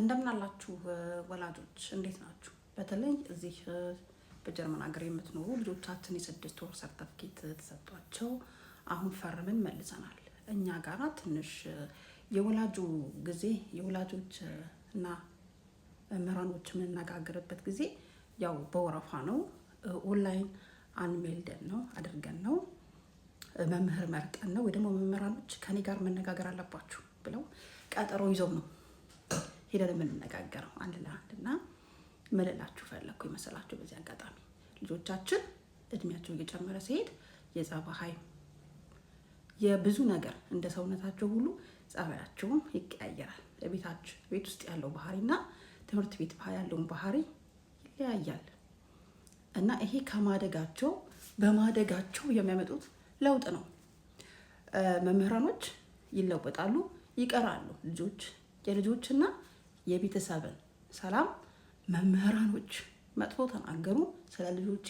እንደምናላችሁ ወላጆች እንዴት ናችሁ? በተለይ እዚህ በጀርመን ሀገር የምትኖሩ ልጆቻችን የስድስት ወር ሰርተፍኬት ተሰጧቸው አሁን ፈርምን መልሰናል። እኛ ጋራ ትንሽ የወላጁ ጊዜ የወላጆች እና መምህራኖች የምንነጋገርበት ጊዜ ያው በወረፋ ነው። ኦንላይን አንሜልደን ነው አድርገን ነው መምህር መርጠን ነው ወይ ደግሞ መምህራኖች ከኔ ጋር መነጋገር አለባችሁ ብለው ቀጠሮ ይዘው ነው ሄደን የምንነጋገረው አንድ ለአንድ እና መልላችሁ ፈለግኩ ይመስላችሁ። በዚህ አጋጣሚ ልጆቻችን እድሜያቸው እየጨመረ ሲሄድ የጸባይ የብዙ ነገር እንደ ሰውነታቸው ሁሉ ጸባያቸውም ይቀያየራል። ቤታችን ቤት ውስጥ ያለው ባህሪና ትምህርት ቤት ያለውን ባህሪ ይለያያል እና ይሄ ከማደጋቸው በማደጋቸው የሚያመጡት ለውጥ ነው። መምህራኖች ይለወጣሉ፣ ይቀራሉ። ልጆች የልጆችና የቤተሰብን ሰላም መምህራኖች መጥፎ ተናገሩ፣ ስለ ልጆቼ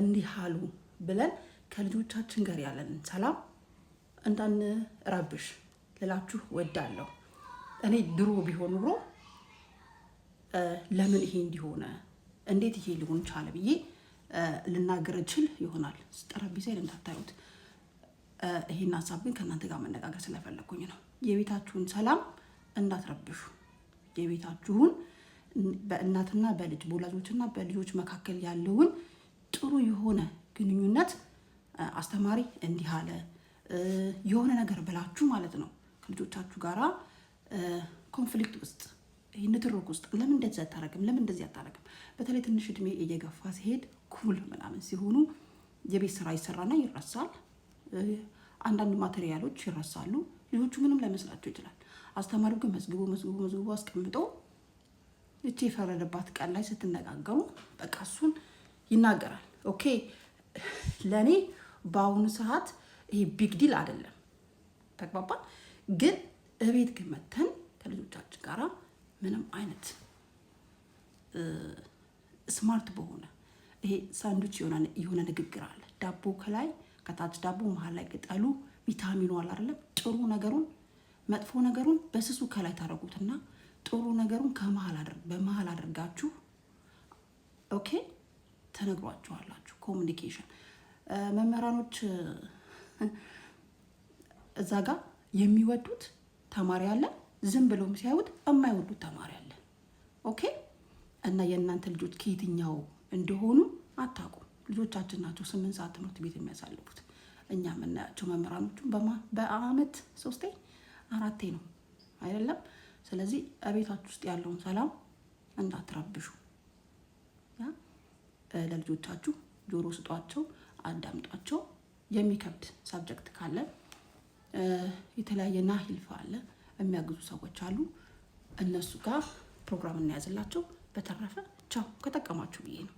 እንዲህ አሉ ብለን ከልጆቻችን ጋር ያለንን ሰላም እንዳንረብሽ ልላችሁ ወዳለሁ። እኔ ድሮ ቢሆን ኑሮ ለምን ይሄ እንዲሆነ እንዴት ይሄ ሊሆን ቻለ ብዬ ልናገር እችል ይሆናል። ጠረጴዛ እንዳታዩት። ይሄን ሀሳብ ግን ከእናንተ ጋር መነጋገር ስለፈለግኩኝ ነው። የቤታችሁን ሰላም እንዳትረብሹ። የቤታችሁን በእናትና በልጅ በወላጆችና በልጆች መካከል ያለውን ጥሩ የሆነ ግንኙነት አስተማሪ እንዲህ አለ የሆነ ነገር ብላችሁ ማለት ነው ከልጆቻችሁ ጋራ ኮንፍሊክት ውስጥ ይህ ንትርክ ውስጥ ለምን እንደዚህ አታረግም፣ ለምን እንደዚህ አታረግም። በተለይ ትንሽ እድሜ እየገፋ ሲሄድ ኩል ምናምን ሲሆኑ የቤት ስራ ይሰራና ይረሳል። አንዳንድ ማቴሪያሎች ይረሳሉ። ልጆቹ ምንም ላይመስላቸው ይችላል። አስተማሪው ግን መዝግቦ መዝግቦ መዝግቦ አስቀምጦ እቺ የፈረደባት ቀን ላይ ስትነጋገሩ በቃ እሱን ይናገራል። ኦኬ ለእኔ በአሁኑ ሰዓት ይሄ ቢግ ዲል አይደለም። ተግባባን። ግን እቤት ግን መተን ከልጆቻችን ጋራ ምንም አይነት ስማርት በሆነ ይሄ ሳንዱች የሆነ ንግግር አለ። ዳቦ ከላይ ከታች ዳቦ መሀል ላይ ቅጠሉ ቪታሚኑ አለ አይደለም ጥሩ ነገሩን መጥፎ ነገሩን በስሱ ከላይ ታደርጉትና ጥሩ ነገሩን በመሀል አድርጋችሁ ኦኬ ተነግሯችኋላችሁ። ኮሚኒኬሽን መምህራኖች እዛ ጋ የሚወዱት ተማሪ አለ፣ ዝም ብለውም ሲያዩት የማይወዱት ተማሪ አለ። ኦኬ እና የእናንተ ልጆች ከየትኛው እንደሆኑ አታውቁም። ልጆቻችን ናቸው ስምንት ሰዓት ትምህርት ቤት የሚያሳልፉት። እኛ የምናያቸው መምህራኖቹም በአመት ሶስቴ አራቴ ነው አይደለም። ስለዚህ እቤታችሁ ውስጥ ያለውን ሰላም እንዳትረብሹ። ለልጆቻችሁ ጆሮ ስጧቸው፣ አዳምጧቸው። የሚከብድ ሰብጀክት ካለ የተለያየ ና ሂልፍ አለ የሚያግዙ ሰዎች አሉ። እነሱ ጋር ፕሮግራም እናያዝላቸው። በተረፈ ቻው፣ ከጠቀማችሁ ብዬ ነው።